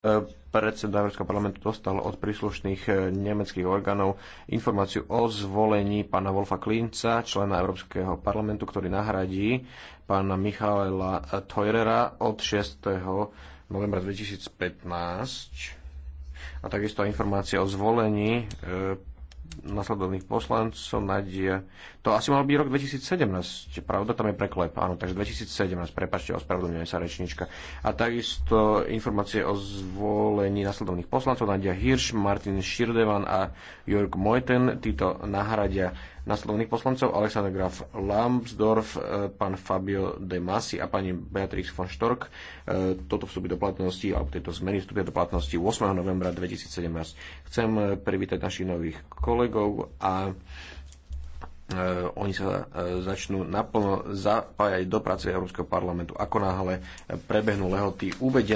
E, predseda Európskeho parlamentu dostal od príslušných e, nemeckých orgánov informáciu o zvolení pána Wolfa Klinca, člena Európskeho parlamentu, ktorý nahradí pána Michaela Teurera od 6. novembra 2015. A takisto informácia o zvolení e, nasledovných poslancov nadia. To asi mal byť rok 2017, pravda? Tam je preklep, áno, takže 2017, prepačte, ospravedlňuje sa rečnička. A takisto informácie o zvolení nasledovných poslancov Nadia Hirš, Martin Širdevan a Jörg Mojten. Títo nahradia nasledovných poslancov Alexander Graf Lambsdorff, e, pán Fabio De Masi a pani Beatrix von Stork. E, toto vstúpi do platnosti, alebo tieto zmeny vstúpia do platnosti 8. novembra 2017. Chcem e, privítať našich nových kolegov a oni sa začnú naplno zapájať do práce Európskeho parlamentu, ako náhle prebehnú lehoty uvedenia.